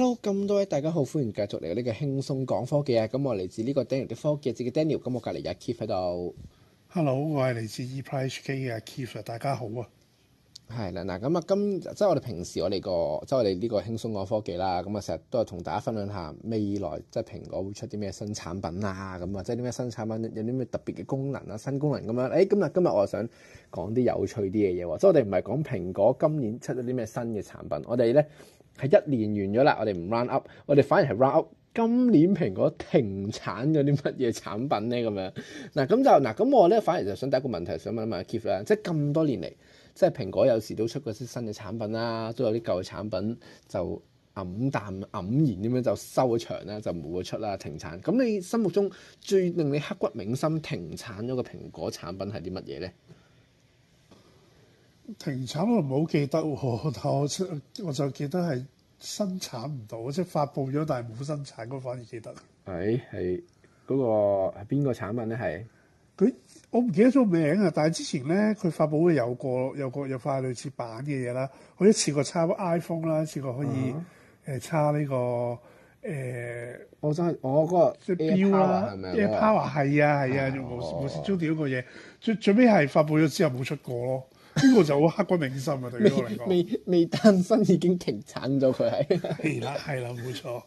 hello，咁多位大家好，歡迎繼續嚟呢個輕鬆講科技啊！咁我嚟自呢個 Daniel 的科技，自己 Daniel，咁我隔籬有 Keith 喺度。Hello，我係嚟自 e p r i c k 嘅 Keith，大家好啊！係啦，嗱，咁啊，今即係我哋平時我哋個，即係我哋呢個輕鬆講科技啦。咁啊，成日都係同大家分享下未來，即係蘋果會出啲咩新產品啊？咁啊，即係啲咩新產品有啲咩特別嘅功能啊？新功能咁樣。誒，咁嗱，今日我啊想講啲有趣啲嘅嘢。即係我哋唔係講蘋果今年出咗啲咩新嘅產品，我哋咧。係一年完咗啦，我哋唔 run up，我哋反而係 run up。今年蘋果停產咗啲乜嘢產品咧？咁樣嗱，咁就嗱，咁我咧反而就想第一個問題，想問一問阿 Keith 啦。即係咁多年嚟，即係蘋果有時都出過啲新嘅產品啦，都有啲舊嘅產品就黯淡、黯然咁樣就收咗場啦，就唔會出啦、停產。咁你心目中最令你刻骨銘心停產咗個蘋果產品係啲乜嘢咧？停產我唔好記得喎、哦，我就記得係生產唔到，即係發布咗但係冇生產，我反而記得。係，係嗰個係邊個產品咧？係佢我唔記得咗名啊！但係之前咧佢發布有個有個有塊類似版嘅嘢啦，一次過插 iPhone 啦，一次過可以誒插呢個誒、欸，我真係我嗰個即係標啦，即 AirPower 係咪啊？Power 係啊係啊，無無線充電嗰個嘢，最最尾係發布咗之後冇出過咯。呢 個，個就好刻骨銘心啊！對於我嚟講，未未單身已經停產咗佢係。係 啦，係啦，冇錯。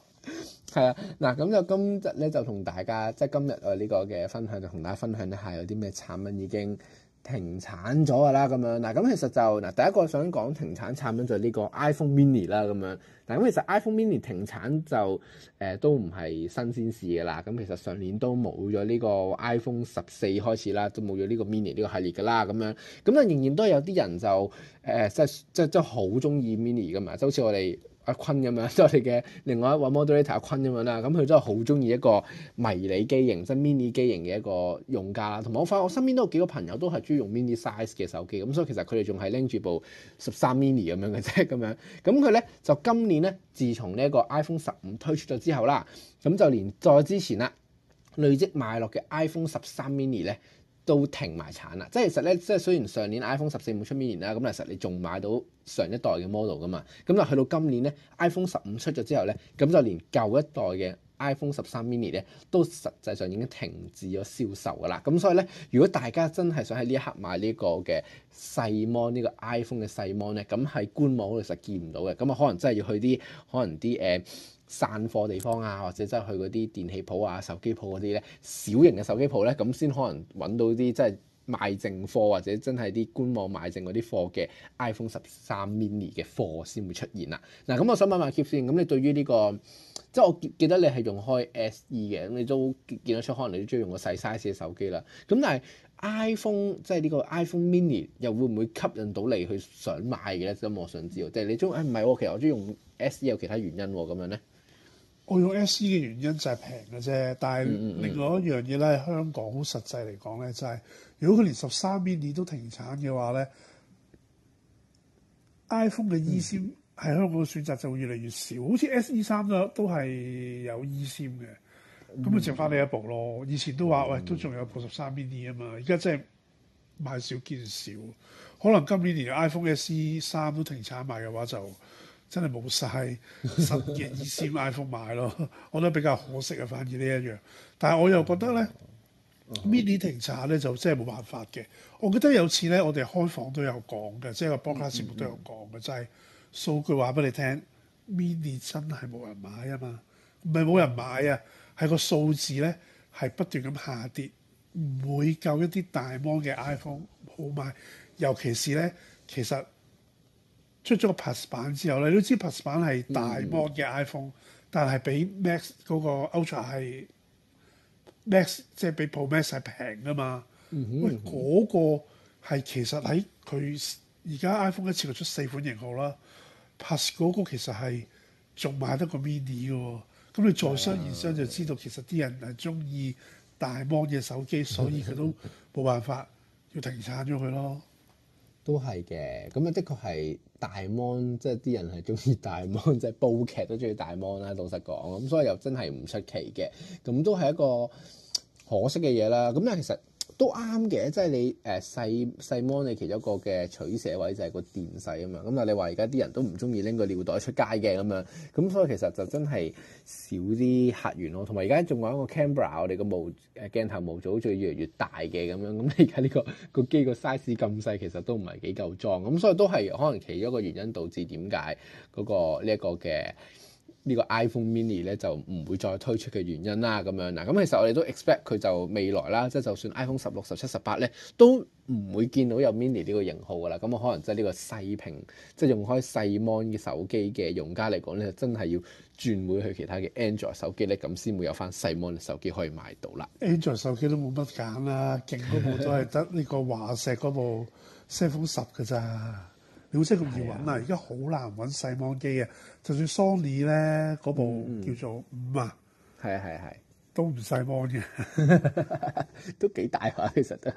係啦， 嗱咁就今日咧就同大家即係今日啊呢個嘅分享就同大家分享一下有啲咩產品已經。停產咗㗎啦，咁樣嗱，咁其實就嗱，第一個想講停產產品就係呢個 iPhone Mini 啦，咁樣，嗱，係咁其實 iPhone Mini 停產就誒、呃、都唔係新鮮事㗎啦，咁其實上年都冇咗呢個 iPhone 十四開始啦，都冇咗呢個 Mini 呢個系列㗎啦，咁樣，咁但仍然都有啲人就誒即係即係即係好中意 Mini 㗎嘛，就好似我哋。阿坤咁樣，即係我哋嘅另外一位 Moderator 阿坤咁樣啦，咁佢真係好中意一個迷你機型，即係 mini 機型嘅一個用家啦。同埋我發現我身邊都有幾個朋友都係中意用 mini size 嘅手機，咁所以其實佢哋仲係拎住部十三 mini 咁樣嘅啫，咁樣。咁佢咧就今年咧，自從呢一個 iPhone 十五推出咗之後啦，咁就連再之前啦，累積買落嘅 iPhone 十三 mini 咧，都停埋產啦，即係其實咧，即係雖然上年 iPhone 十四冇出 mini 啦，咁其實你仲買到上一代嘅 model 噶嘛。咁但去到今年咧，iPhone 十五出咗之後咧，咁就連舊一代嘅 iPhone 十三 mini 咧都實際上已經停止咗銷售噶啦。咁所以咧，如果大家真係想喺呢一刻買個、這個、呢個嘅細芒呢個 iPhone 嘅細芒咧，咁喺官網嗰度實見唔到嘅，咁啊可能真係要去啲可能啲誒。呃散貨地方啊，或者即係去嗰啲電器鋪啊、手機鋪嗰啲咧，小型嘅手機鋪咧，咁先可能揾到啲即係賣剩貨或者真係啲官網賣剩嗰啲貨嘅 iPhone 十三 mini 嘅貨先會出現啦。嗱、啊，咁我想問問 Keep 先，咁、嗯、你對於呢、呢個即係我記得你係用開 SE 嘅，咁你都見得出可能你都中意用個細 size 嘅手機啦。咁但係 iPhone 即係呢個 iPhone mini 又會唔會吸引到你去想買嘅咧？咁我想知道，即係你中誒唔係，哎、其實我中意用 SE 有其他原因咁樣咧？我用 SE 嘅原因就係平嘅啫，但係另外一樣嘢咧，香港好實際嚟講咧，就係、是、如果佢連十三 mini 都停產嘅話咧、嗯、，iPhone 嘅 eSIM 喺香港嘅選擇就會越嚟越少。好似 SE 三都係有 eSIM 嘅，咁啊、嗯、剩翻呢一部咯。以前都話、嗯、喂，都仲有部十三 mini 啊嘛，而家真係買少見少。可能今年連 iPhone SE 三都停產埋嘅話就～真係冇晒新嘅意思 iPhone 買咯， 我覺得比較可惜啊。反而呢一樣，但係我又覺得咧 ，mini 停產咧就真係冇辦法嘅。我覺得有次咧，我哋開房都有講嘅，即、就、係、是、個 Podcast 節目都有講嘅，就係、是、數據話俾你聽 ，mini 真係冇人買啊嘛，唔係冇人買啊，係、啊、個數字咧係不斷咁下跌，唔會夠一啲大模嘅 iPhone 好買，尤其是咧其實。出咗個 Plus 版之後，你都知 Plus 嗯嗯版係大芒嘅 iPhone，但係比 Max 嗰個 Ultra 係 Max 即係比 Pro Max 係平噶嘛？喂、嗯嗯嗯，嗰個係其實喺佢而家 iPhone 一次過出四款型號啦 Plus 嗰個其實係仲賣得過 Mini 嘅，哦，咁你在商言商就知道，其實啲人係中意大芒嘅手機，所以佢都冇辦法要停產咗佢咯。都係嘅，咁啊，的確係大 mon，即係啲人係中意大 mon，即係煲劇都中意大 mon 啦。老實講，咁所以又真係唔出奇嘅，咁都係一個可惜嘅嘢啦。咁啊，其實～都啱嘅，即係你誒、呃、細細摸你其中一個嘅取捨位就係個電細啊嘛。咁但你話而家啲人都唔中意拎個尿袋出街嘅咁樣，咁所以其實就真係少啲客源咯。同埋而家仲有一個 camera，我哋個模誒鏡頭模組仲越嚟越大嘅咁樣。咁你而家呢個個機個 size 咁細，其實都唔係幾夠裝咁，所以都係可能其中一個原因導致點解嗰個呢一，這個嘅。個呢個 iPhone Mini 咧就唔會再推出嘅原因啦，咁樣啦，咁其實我哋都 expect 佢就未來啦，即係就算 iPhone 十六、十七、十八咧，都唔會見到有 Mini 呢個型號噶啦。咁、嗯、啊，可能即係呢個細屏，即、就、係、是、用開 Simon 嘅手機嘅用家嚟講咧，真係要轉會去其他嘅 Android 手機咧，咁先會有翻細螢嘅手機可以賣到啦。Android 手機都冇乜揀啦，勁嗰部都係得呢個華碩嗰部 iPhone 十噶咋。好識咁易揾啊！而家好難揾細芒機啊！就算 Sony 咧嗰部，嗯、叫做五啊，係啊係啊係，都唔細芒嘅， 都幾大下，其實都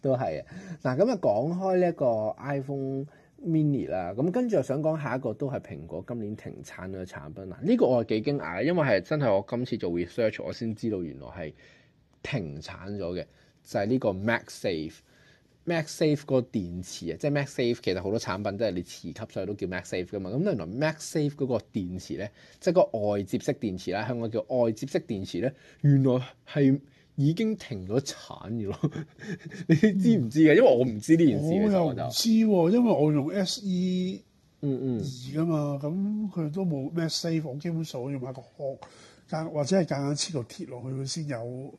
都係啊！嗱，咁啊講開呢一個 iPhone Mini 啦，咁跟住我想講下一個都係蘋果今年停產嘅產品嗱。呢、呢個我係幾驚訝嘅，因為係真係我今次做 research 我先知道原來係停產咗嘅，就係、係、呢個 MagSafe MagSafe 嗰個電池啊，即係 MagSafe 其實好多產品都係你磁吸上去都叫 MagSafe 噶嘛。咁原來 MagSafe 嗰個電池咧，即係個外接式電池啦，香港叫外接式電池咧，原來係已經停咗產嘅咯。你知唔知嘅？嗯、因為我唔知呢件事我又唔知、啊、就因為我用 SE 嗯嗯二噶嘛，咁佢都冇 MagSafe，我基本上我要買個殼，或者係夾硬黐個鐵落去佢先有。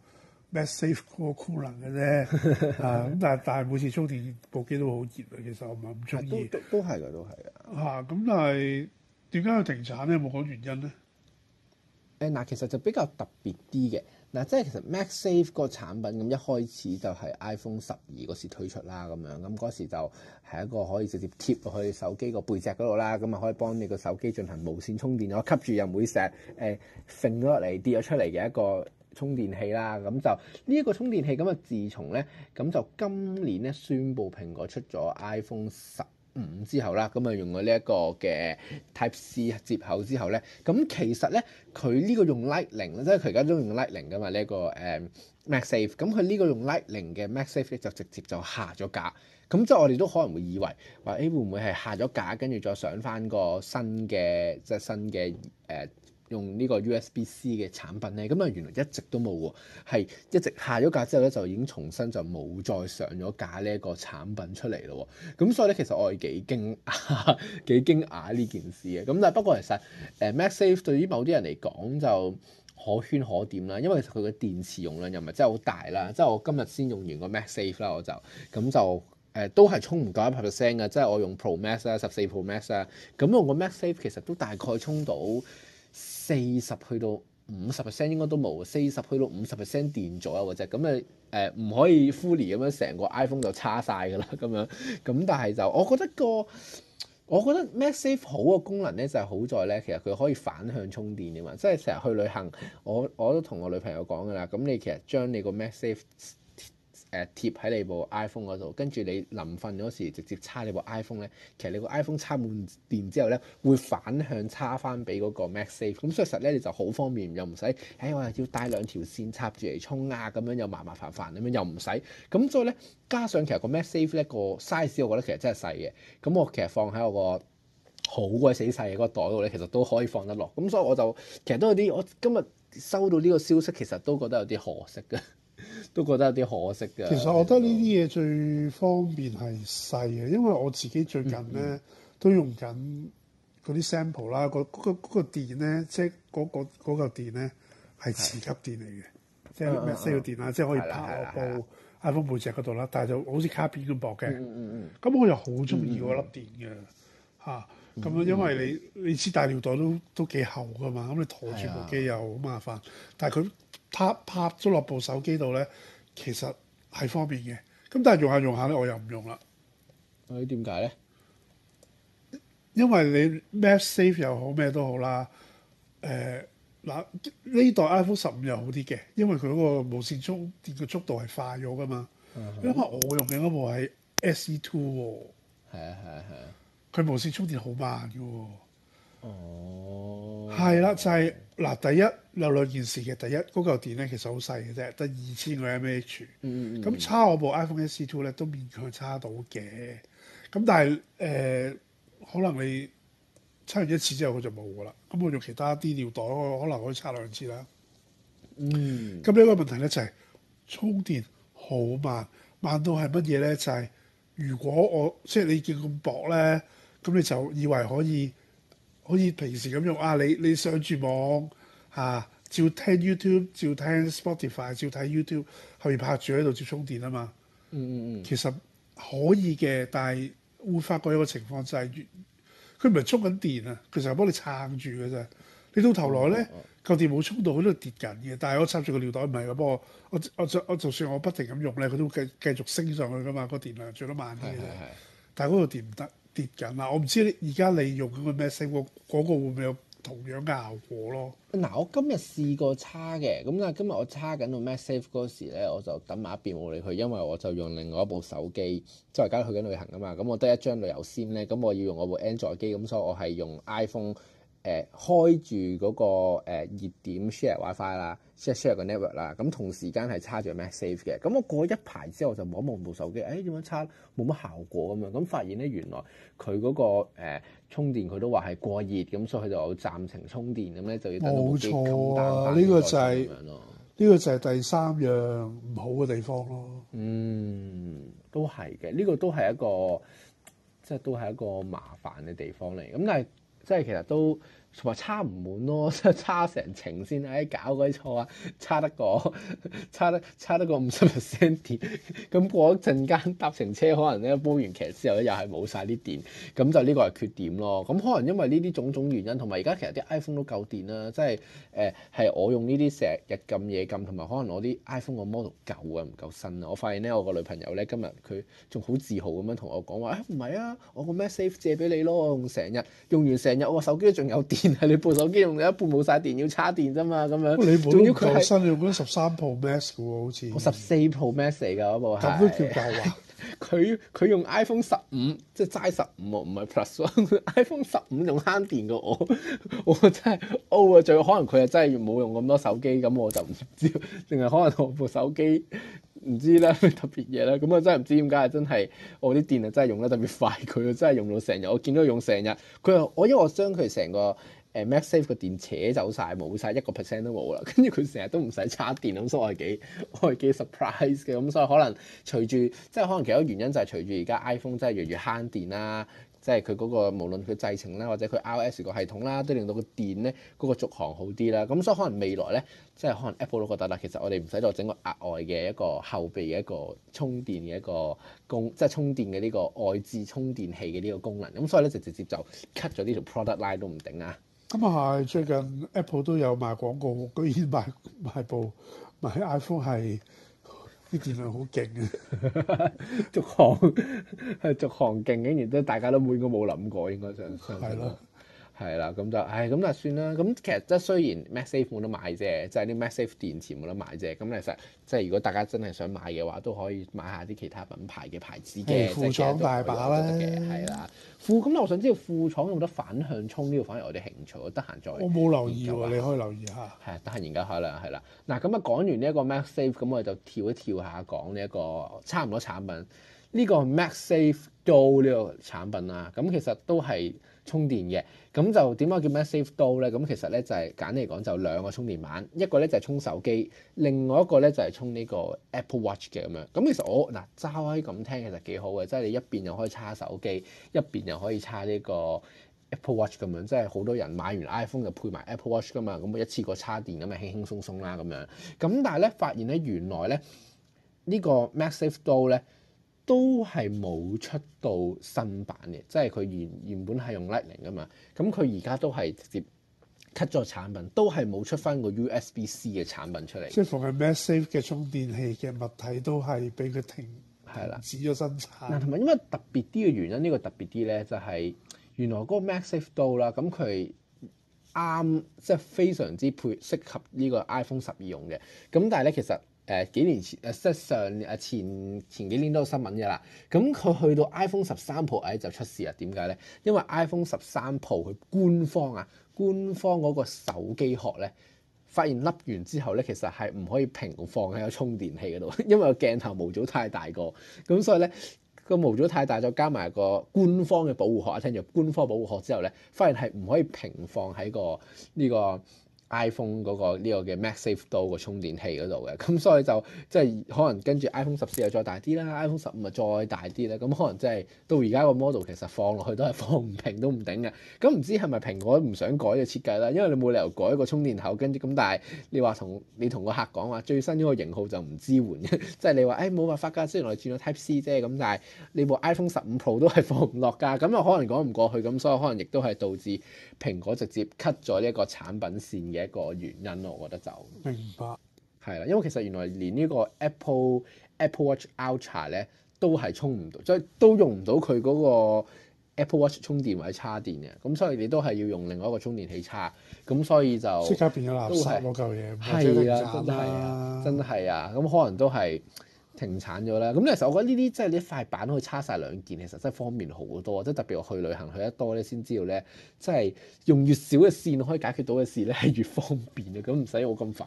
MagSafe 嗰個功能嘅啫， 啊咁但係但係每次充電部機都好熱啊，其實我唔係咁中意。都都都係㗎，都係啊。嚇咁但係點解要停產咧？有冇講原因咧？誒嗱、呃，其實就比較特別啲嘅嗱，即係其實 MagSafe 個產品咁一開始就係 iPhone 十二嗰時推出啦，咁樣咁嗰時就係一個可以直接貼去手機個背脊嗰度啦，咁啊可以幫你個手機進行無線充電，囉吸住又唔會成日誒揈咗落嚟跌咗出嚟嘅一個充電器啦，咁就呢一、這個充電器咁啊！自從咧咁就今年咧宣布蘋果出咗 iPhone 十五之後啦，咁啊用咗呢一個嘅 Type C 接口之後咧，咁其實咧佢呢個用 Lightning 即係佢而家都用 Lightning 噶嘛呢一、這個誒、uh, MagSafe，咁佢呢個用 Lightning 嘅 MagSafe 咧就直接就下咗架，咁即係我哋都可能會以為話誒、哎、會唔會係下咗架，跟住再上翻個新嘅即係新嘅誒。Uh, 用呢個 USB C 嘅產品咧，咁啊原來一直都冇喎、啊，係一直下咗架之後咧，就已經重新就冇再上咗架呢一個產品出嚟咯喎。咁所以咧，其實我係幾驚幾驚訝呢件事嘅。咁但係不過其實誒 MagSafe 對於某啲人嚟講就可圈可點啦，因為其實佢嘅電池容量又唔係真係好大啦。即係我今日先用完個 MagSafe 啦，我就咁就誒、呃、都係充唔夠一百 percent 嘅。即係我用 Pro Max 啦，十四 Pro Max 啦，咁用個 MagSafe 其實都大概充到。四十去到五十 percent 應該都冇，四十去到五十 percent 電咗，或者咁，誒誒唔可以 full 咁樣，成個 iPhone 就叉晒㗎啦咁樣，咁但係就我覺得，個我覺得 MagSafe 好嘅功能，咧就係、是、好在咧，其實佢可以反向充電㗎嘛，即係成日去旅行，我我都同我女朋友講㗎啦，咁你其實將你個 MagSafe 誒貼喺你部 iPhone 嗰度，跟住你臨瞓嗰時直接叉你部 iPhone 咧，其實你個 iPhone 叉滿電之後咧，會反向叉翻俾嗰個 MagSafe。咁所以實咧，你就好方便，又唔使誒，我又要帶兩條線插住嚟充啊，咁樣又麻麻煩煩咁樣又唔使。咁所以咧，加上其實個 MagSafe 咧個 size，我覺得其實真係細嘅。咁我其實放喺我個好鬼死細嘅嗰個袋度咧，其實都可以放得落。咁所以我就其實都有啲，我今日收到呢個消息，其實都覺得有啲可惜嘅。都覺得有啲可惜㗎。其實我覺得呢啲嘢最方便係細嘅，因為我自己最近咧、嗯嗯、都用緊嗰啲 sample 啦、那個，嗰嗰嗰個電咧，即係嗰、那個嗰、那個、電咧係磁吸電嚟嘅，啊、即係咩 s 西 l 電啦，即係可以拍落部 iPhone 背脊嗰度啦，但係就好似卡片咁薄嘅。咁、嗯嗯、我又好中意嗰粒電嘅嚇。嗯啊咁樣，嗯、因為你、嗯、你知大尿袋都都幾厚噶嘛，咁你陀住部機又好麻煩，啊、但係佢 tap tap 咗落部手機度咧，其實係方便嘅。咁但係用下用下咧，我又唔用啦。你點解咧？因為你 MagSafe 又好咩都好啦。誒、呃、嗱，呢代 iPhone 十五又好啲嘅，因為佢嗰個無線充電嘅速度係快咗噶嘛。因諗、啊啊、我用緊嗰部係 SE Two 喎。啊！係啊！係啊！佢無線充電好慢㗎喎，哦，係啦、oh，就係、是、嗱，第一有兩件事嘅，第一嗰嚿電咧，其實好細嘅啫，得二千個 mAh，咁差我部 iPhone SE Two 咧都勉強差到嘅，咁但係誒、呃，可能你差完一次之後佢就冇㗎啦，咁我用其他啲尿袋可能可以差兩次啦，嗯，咁呢個問題咧就係、是、充電好慢，慢到係乜嘢咧？就係、是、如果我即係你見咁薄咧。咁你就以為可以可以平時咁用啊？你你上住網嚇、啊，照聽 YouTube，照聽 Spotify，照睇 YouTube，後面拍住喺度照充電啊嘛。嗯嗯嗯。其實可以嘅，但係會發覺一個情況就係、是，佢唔係充緊電啊，佢成日幫你撐住嘅啫。你到頭來咧，個、嗯嗯嗯、電冇充到，佢都跌緊嘅。但係我插住個尿袋，唔係我不過我我我我就算我不停咁用咧，佢都會繼繼續升上去噶嘛，電個電量仲得慢啲嘅。但係嗰個電唔得。跌緊啊，我唔知你而家你用嗰個咩 Safe 嗰個會唔會有同樣嘅效果咯？嗱，我今日試過叉嘅，咁啊今日我叉緊到 MaxSafe 嗰時咧，我就等埋一邊冇理佢，因為我就用另外一部手機，即係而家去緊旅行啊嘛，咁我得一張旅遊先咧，咁我要用我部 Android 機，咁所以我係用 iPhone。誒開住嗰個誒熱點 share WiFi 啦，share share 個 network 啦，咁同時間係插住 MagSafe 嘅，咁我過一排之後就摸一望部手機，誒點樣插？冇乜效果咁樣，咁發現咧原來佢嗰、那個、呃、充電佢都話係過熱，咁所以佢就有暫停充電咁咧就要等部機。冇錯啊，呢個就係、是、呢、這個就係第三樣唔好嘅地方咯。嗯，都係嘅，呢、這個都係一個即係都係一個麻煩嘅地方嚟，咁但係。即係，其實都。同埋差唔滿咯，差成程先，唉、哎、搞嗰啲錯啊，差得過，差得差得過 個五十 percent 電，咁過一陣間搭成車，可能咧煲完劇之後咧又係冇晒啲電，咁就呢個係缺點咯。咁可能因為呢啲種種原因，同埋而家其實啲 iPhone 都夠電啦、啊，即係誒係我用呢啲成日日撳夜撳，同埋可能我啲 iPhone 個 model 舊啊，唔夠新啊。我發現咧，我個女朋友咧今日佢仲好自豪咁樣同我講話，啊唔係啊，我個 MagSafe 借俾你咯，用成日用完成日，我個手機都仲有電。原來你部手機用咗一半冇晒電，要叉電啫嘛咁樣。仲要佢新，本身用咗十三部 Pro Max 嘅好似我十四部 Pro Max 嚟㗎嗰部係。咁都叫做啊？佢佢用 iPhone 十五，即係齋十五唔係 Plus。iPhone 十五仲慳電嘅我，我真係 O 啊！最、哦、可能佢係真係冇用咁多手機，咁我就唔知，淨係可能我部手機。唔知咧，咩特別嘢咧？咁我真係唔知點解，真係我啲電啊，真係用得特別快，佢真係用到成日。我見到佢用成日，佢我因為我將佢成個誒 MagSafe 個電扯走晒，冇晒一個 percent 都冇啦。跟住佢成日都唔使叉電，咁所以我係幾 surprise 嘅。咁所以可能隨住，即係可能其他原因就係隨住而家 iPhone 真係越嚟越慳電啦。即係佢嗰個無論佢製程啦，或者佢 iOS 個系統啦，都令到個電咧嗰個續航好啲啦。咁所以可能未來咧，即係可能 Apple 都覺得啦，其實我哋唔使再整個額外嘅一個後備嘅一個充電嘅一個功，即係充電嘅呢個外置充電器嘅呢個功能。咁所以咧就直接就 cut 咗呢條 product line 都唔定啊。咁啊，最近 Apple 都有賣廣告，居然賣賣部賣 iPhone 係。啲電量好勁啊！續 航係續 航勁，竟然都大家都冇應該冇諗過，應該就係咯。係啦，咁就唉，咁、哎、啊算啦。咁其實即係雖然 MagSafe 冇得買啫，即、就、係、是、啲 MagSafe 電池冇得買啫。咁其實即係如果大家真係想買嘅話，都可以買下啲其他品牌嘅牌子嘅、嗯、副廠大把啦。係啦，副咁我想知道副廠有冇得反向充呢個反而我哋興趣，得閒再我冇留意，你可以留意下係得閒研究下啦，係啦嗱。咁啊講完呢一個 MagSafe，咁我就跳一跳一下講呢一個差唔多產品呢、這個 MagSafe Duo 呢個產品啦。咁其實都係充電嘅。咁就點解叫 MagSafe Duo 咧？咁其實咧就係簡嚟講就兩個充電板，一個咧就係充手機，另外一個咧就係充呢個 Apple Watch 嘅咁樣。咁其實我嗱揸開咁聽，其實幾好嘅，即係你一邊又可以叉手機，一邊又可以叉呢個 Apple Watch 咁樣。即係好多人買完 iPhone 就配埋 Apple Watch 噶嘛，咁一次過叉電咁咪輕輕鬆鬆啦咁樣。咁但係咧發現咧原來咧呢個 MagSafe Duo 咧。都係冇出到新版嘅，即係佢原原本係用 Lightning 噶嘛，咁佢而家都係直接 cut 咗產品，都係冇出翻個 USB-C 嘅產品出嚟。即係逢係 MagSafe 嘅充電器嘅物體都係俾佢停係啦，止咗生產。嗱，同埋因為特別啲嘅原因，呢、這個特別啲咧就係原來嗰個 MagSafe 都啦，咁佢啱，即、就、係、是、非常之配適合個12呢個 iPhone 十二用嘅。咁但係咧，其實誒、呃、幾年前誒即係上誒前前幾年都有新聞嘅啦，咁、嗯、佢去到 iPhone 十三 Pro、哎、就出事喇。點解咧？因為 iPhone 十三 Pro 佢官方啊，官方嗰個手機殼咧，發現凹完之後咧，其實係唔可以平放喺個充電器嗰度，因為個鏡頭模組太大個，咁所以咧個模組太大，再加埋個官方嘅保護殼，啊、聽住官方保護殼之後咧，發現係唔可以平放喺個呢個。這個 iPhone 嗰個呢個嘅 MagSafe 度個充電器嗰度嘅，咁所以就即係可能跟住 iPhone 十四又再大啲啦，iPhone 十五又再大啲啦，咁可能即係到而家個 model 其實放落去都係放唔平都唔頂嘅，咁唔知係咪蘋果唔想改嘅設計啦，因為你冇理由改個充電頭，跟住咁但係你話同你同個客講話最新呢個型號就唔支援嘅，即係你話誒冇辦法噶，雖然我轉咗 Type C 啫，咁但係你部 iPhone 十五 Pro 都係放唔落噶，咁又可能講唔過去，咁所以可能亦都係導致蘋果直接 cut 咗呢一個產品線嘅。一個原因咯，我覺得就明白係啦，因為其實原來連呢個 Apple Apple Watch Ultra 咧都係充唔到，即係都用唔到佢嗰個 Apple Watch 充電或者插電嘅，咁所以你都係要用另外一個充電器插，咁所以就即刻變咗垃圾舊嘢，係啊是，真係啊，真係啊，咁可能都係。停產咗啦，咁咧其實我覺得呢啲即係呢塊板可以插晒兩件，其實真係方便好多，即係特別我去旅行去得多咧，先知道咧，即係用越少嘅線可以解決到嘅事咧，係越方便啊！咁唔使我咁煩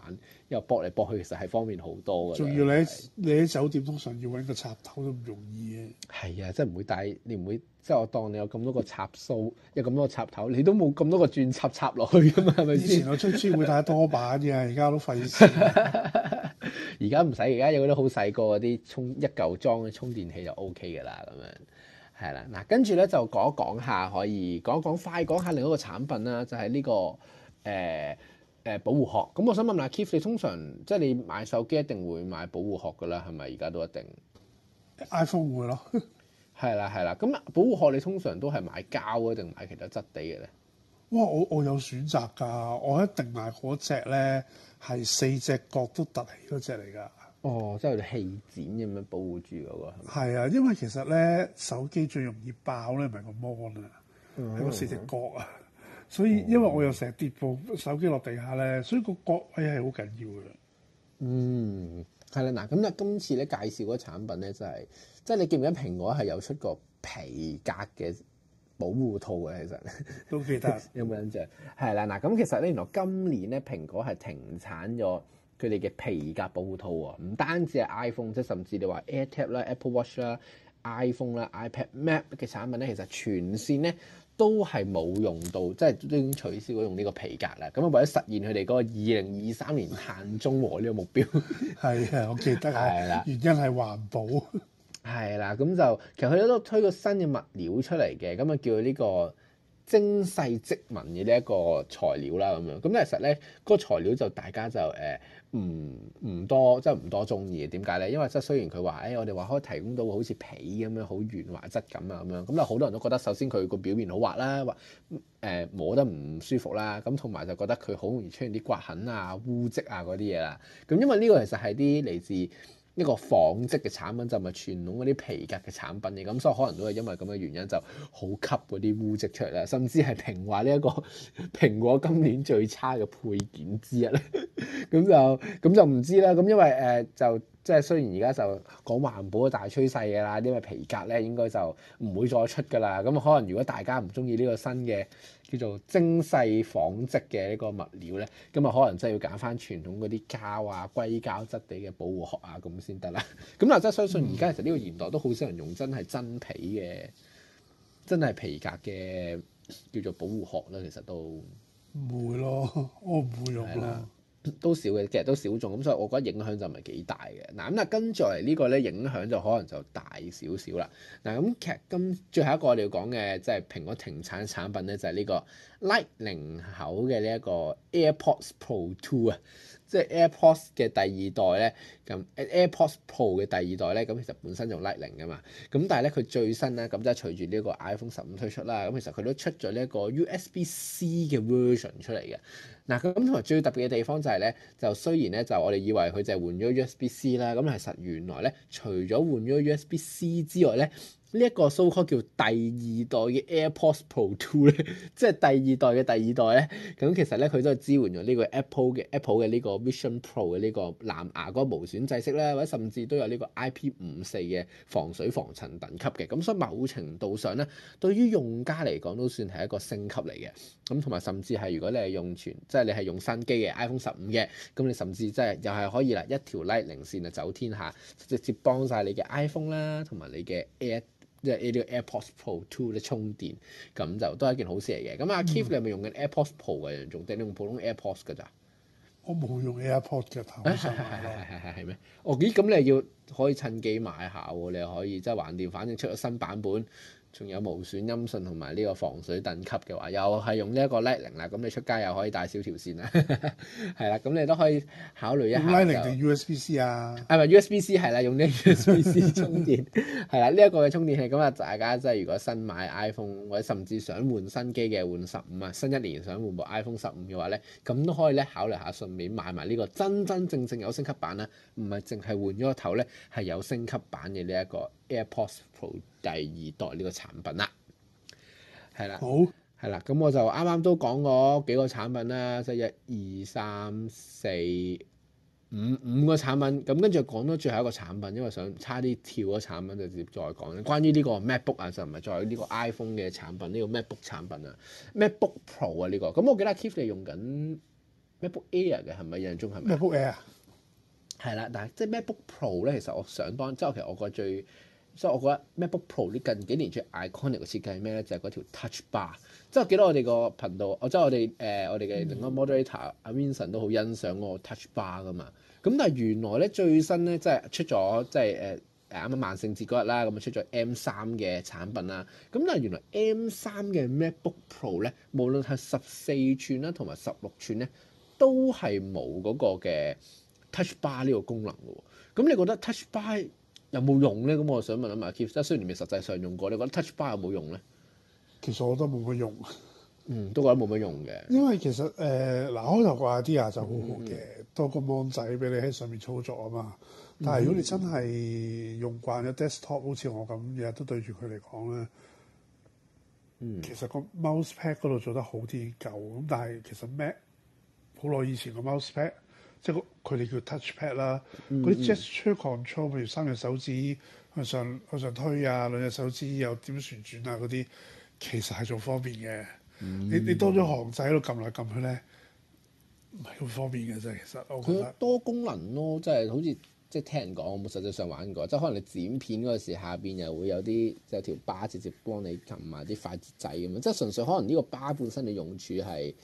又駁嚟駁去，其實係方便好多嘅。仲要你的你喺酒店通常要揾個插頭都唔容易嘅，係啊，即係唔會帶，你唔會。即係我當你有咁多個插數，有咁多個插頭，你都冇咁多個轉插插落去㗎嘛？係咪先？以前我出書會帶多把嘅，而家 都費事。而家唔使，而家有啲好細個嗰啲充一嚿裝嘅充電器就 OK 㗎啦。咁樣係啦。嗱，跟住咧就講一講下，可以講一講快講下另一個產品啦，就係、是、呢、這個誒誒、呃呃、保護殼。咁、嗯、我想問下 Keith 你通常即係你買手機一定會買保護殼㗎啦，係咪？而家都一定 iPhone 會咯。 係啦，係啦，咁保護殼你通常都係買膠啊，定買其他質地嘅咧？哇！我我有選擇㗎，我一定買嗰隻咧係四隻角都凸起嗰隻嚟㗎。哦，即係氣墊咁樣保護住嗰、那個。係啊，因為其實咧手機最容易爆咧，唔係個膜啊，係、嗯、個四隻角啊 以、嗯。所以因為我又成日跌部手機落地下咧，所以個角係係好緊要㗎。嗯，係啦，嗱咁咧，今次咧介紹嗰產品咧，就係、是。即係你記唔記得蘋果係有出個皮革嘅保護套嘅，其實都記得，有冇印象？係啦，嗱咁其實咧，原來今年咧蘋果係停產咗佢哋嘅皮革保護套喎，唔單止係 iPhone 即係甚至你話 AirTag 啦、Apple Watch 啦、iPhone 啦、iPad Map 嘅產品咧，其實全線咧都係冇用到，即係都已經取消咗用呢個皮革啦。咁啊，為咗實現佢哋嗰個2023年碳中和呢個目標，係 啊，我記得啊，的原因係環保。 係啦，咁就其實佢都推個新嘅物料出嚟嘅，咁啊叫呢個精細織紋嘅呢一個材料啦，咁樣咁其實咧個材料就大家就誒唔唔多，即係唔多中意。點解咧？因為即係雖然佢話誒，我哋話可以提供到好似皮咁樣好圓滑質感啊，咁樣咁咧好多人都覺得首先佢個表面好滑啦，或誒摸得唔舒服啦，咁同埋就覺得佢好容易出現啲刮痕啊、污跡啊嗰啲嘢啦。咁因為呢個其實係啲嚟自。呢個紡織嘅產品就唔係傳統嗰啲皮革嘅產品嚟，咁所以可能都係因為咁嘅原因，就好吸嗰啲污跡出嚟啦，甚至係評話呢一個蘋果今年最差嘅配件之一咧，咁 就咁就唔知啦，咁因為誒、呃、就。即係雖然而家就講環保嘅大趨勢㗎啦，呢個皮革咧應該就唔會再出㗎啦。咁可能如果大家唔中意呢個新嘅叫做精細紡織嘅呢個物料咧，咁啊可能真係要揀翻傳統嗰啲膠啊、硅膠質地嘅保護殼啊咁先得啦。咁啊真係相信而家其實呢個年代都好少人用真係真皮嘅，真係皮革嘅叫做保護殼啦。其實都唔會咯，我唔會用㗎。都少嘅，其實都少眾，咁所以我覺得影響就唔係幾大嘅。嗱、嗯，咁啊跟住嚟呢個咧影響就可能就大少少啦。嗱、嗯，咁其實今最後一個我哋要講嘅即係蘋果停產產品咧，就係、是、呢個 Lightning 口嘅呢一個 AirPods Pro Two 啊，即係 AirPods 嘅第二代咧。咁、啊、AirPods Pro 嘅第二代咧，咁、嗯、其實本身就 Lightning 噶嘛。咁但係咧佢最新咧，咁、嗯、即係隨住呢個 iPhone 十五推出啦，咁、嗯、其實佢都出咗呢一個 USB C 嘅 version 出嚟嘅。嗱，佢咁同埋最特別嘅地方就係咧，就雖然咧就我哋以為佢淨係換咗 USB C 啦，咁其實原來咧，除咗換咗 USB C 之外咧，呢一個 So Call 叫第二代嘅 AirPods Pro Two 咧，即係第二代嘅第二代咧，咁其實咧，佢都係支援咗呢個 App Apple 嘅 Apple 嘅呢個 Vision Pro 嘅呢個藍牙嗰個無損制式啦，或者甚至都有呢個 IP 五四嘅防水防塵等級嘅，咁所以某程度上咧，對於用家嚟講都算係一個升級嚟嘅，咁同埋甚至係如果你係用全即係你係用新機嘅 iPhone 十五嘅，咁你甚至即係又係可以啦，一條 Lightning 線啊，走天下，直接幫晒你嘅 iPhone 啦，同埋你嘅 Air。即係呢個 AirPods Pro Two 咧充電咁就都係一件好事嚟嘅。咁阿 Keith 你係咪用緊 AirPods Pro 嘅人，仲定用普通 AirPods 嘅咋？我冇用 AirPods 嘅，係係係係係咩？哦咦，咁你要可以趁機買下喎。你又可以即係橫掂，反正出咗新版本。仲有無損音訊同埋呢個防水等級嘅話，又係用呢一個 Lightning 啦，咁你出街又可以帶少條線啦，係 啦，咁你都可以考慮一下。Lightning 定 USB C 啊？係咪、啊、USB C 係啦，用呢個 USB C 充電係啦，呢一、 呢個嘅充電器咁啊，大家即係如果新買 iPhone 或者甚至想換新機嘅換十五啊，新一年想換部 iPhone 十五嘅話咧，咁都可以咧考慮下，順便買埋呢個真真正，正正有升級版啦，唔係淨係換咗個頭咧，係有升級版嘅呢一個 AirPods Pro。第二代呢個產品啦，係啦，好係啦，咁我就啱啱都講過幾個產品啦，即係一、二、三、四、五五個產品，咁跟住講到最後一個產品，因為想差啲跳咗產品就直接再講。關於呢個 MacBook 啊，就唔係再呢個 iPhone 嘅產品，呢、這個 MacBook 產品啊，MacBook Pro 啊呢、這個，咁我記得 Keith 你用緊 MacBook Air 嘅係咪？印象中係咪？MacBook Air 係啦，但係即係 MacBook Pro 咧，其實我想當即係其實我個最。所以我覺得 MacBook Pro 呢，近幾年最 iconic 嘅 IC 設計係咩咧？就係、是、嗰條 Touch Bar。即、就、係、是、記得我哋個頻道，即、就、係、是、我哋誒、呃、我哋嘅另外 moderator 阿 v i n s o、嗯、n 都好欣賞嗰個 Touch Bar 噶嘛。咁但係原來，咧，最新咧即係出咗即係誒誒啱啱萬聖節嗰日啦，咁啊出咗 M 三嘅產品啦。咁但係原來 M 三嘅 MacBook Pro 咧，無論係十四寸啦同埋十六寸咧，都係冇嗰個嘅 Touch Bar 呢個功能㗎喎。咁你覺得 Touch Bar？有冇用咧？咁我想問下阿 Keith 即係雖然你未實際上用過，你覺得 Touch Bar 有冇用咧？其實我覺得冇乜用，嗯，都覺得冇乜用嘅。因為其實誒嗱，呃、開頭個 idea 就好好嘅，嗯、多個 mon 仔俾你喺上面操作啊嘛。但係如果你真係用慣咗 desktop，好似、嗯、我咁，日日都對住佢嚟講咧，嗯，其實個 mouse pad 嗰度做得好啲舊，咁但係其實 Mac 好耐以前個 mouse pad。即係佢哋叫 touchpad 啦，嗰啲 gesture control，譬如三隻手指向上向上推啊，兩隻手指又點旋轉啊嗰啲，其實係仲方便嘅、嗯。你你多咗行仔喺度撳嚟撳去咧，唔係咁方便嘅啫。其實佢覺有多功能咯，就是、即係好似即係聽人講，我冇實際上玩過。即係可能你剪片嗰陣時，下邊又會有啲即有條巴直接幫你撳埋啲快捷掣咁樣。即係純粹可能呢個巴本身嘅用處係。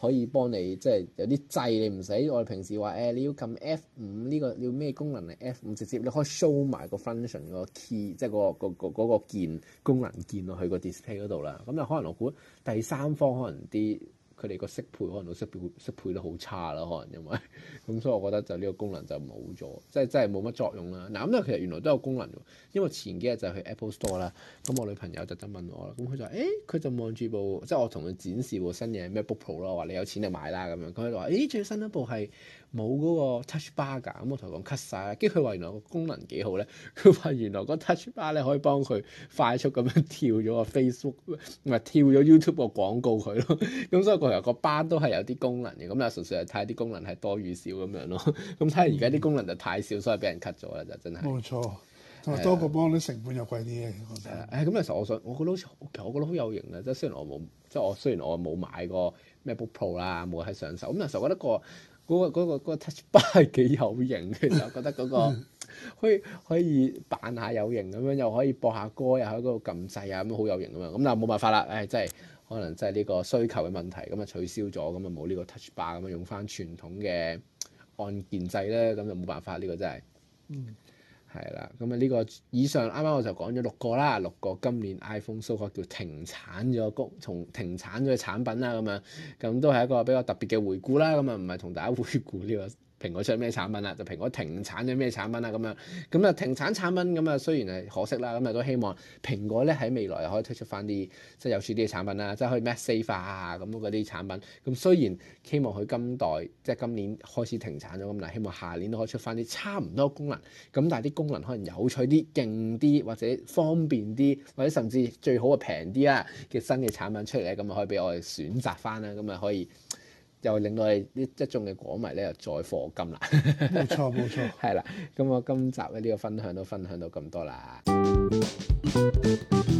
可以幫你即係有啲掣你唔使，我哋平時話誒、哎、你要撳 F 五呢、呢個你要咩功能嚟 F 五，直接你可以 show 埋個 function 個 key，即係、嗰個、嗰個個嗰、嗰個鍵功能鍵落去、嗰個 display 嗰度啦。咁就可能我估第三方可能啲。佢哋個適配可能都適配得好差啦，可能因為咁， 所以我覺得就呢個功能就冇咗，即係真係冇乜作用啦。嗱咁咧，其實原來都有功能，因為前幾日就去 Apple Store 啦，咁我女朋友特登問我啦，咁佢就誒，佢、欸、就望住部，即係我同佢展示部新嘅 MacBook Pro 啦，話你有錢就買啦咁樣，佢喺度話誒，最新一部係。冇嗰個 touch bar 噶，咁我同佢講 cut 晒啦，跟住佢話原來個功能幾好咧，佢話原來個 touch bar 咧可以幫佢快速咁樣跳咗個 Facebook，唔係跳咗 YouTube 個廣告佢咯，咁 所以其實個 bar 都係有啲功能嘅，咁啦純粹係睇啲功能係多與少咁樣咯，咁睇而家啲功能就太少，所以俾人 cut 咗啦就真係。冇錯，同埋多個 bar 啲成本又貴啲嘅。誒咁有時候我想，我覺得好似，其實我覺得好有型咧，即係雖然我冇，即係我雖然我冇買過 MacBook Pro 啦，冇喺上手，咁有時候我覺得個。嗰、嗰個嗰個嗰個 Touch Bar 係幾有型嘅，就 覺得嗰個可以可以扮下有型咁樣，又可以播下歌，又喺嗰度撳掣啊，咁好有型咁樣。咁但係冇辦法啦，誒、哎，真係可能即係呢個需求嘅問題，咁啊取消咗，咁啊冇呢個 Touch Bar，咁啊用翻傳統嘅按鍵掣咧，咁就冇辦法，呢、呢個真係。嗯。係啦，咁啊呢個以上啱啱我就講咗六個啦，六個今年 iPhone 嗰個叫停產咗個，從停產咗嘅產品啦，咁樣咁都係一個比較特別嘅回顧啦，咁啊唔係同大家回顧呢個。蘋果出咩產品啦？就蘋果停產咗咩產品啦？咁樣咁啊停產產品咁啊雖然係可惜啦，咁啊都希望蘋果咧喺未來可以推出翻啲即係有趣啲嘅產品啦，即係可以 MagSafe 啊咁嗰啲產品。咁雖然希望佢今代即係今年開始停產咗咁嗱，樣但希望下年都可以出翻啲差唔多功能，咁但係啲功能可能有趣啲、勁啲或者方便啲，或者甚至最好啊平啲啊嘅新嘅產品出嚟咧，咁啊可以俾我哋選擇翻啦，咁啊可以。又令到你啲一眾嘅果迷咧又再課金啦，冇錯冇錯，係啦，咁 我今集嘅呢個分享都分享到咁多啦。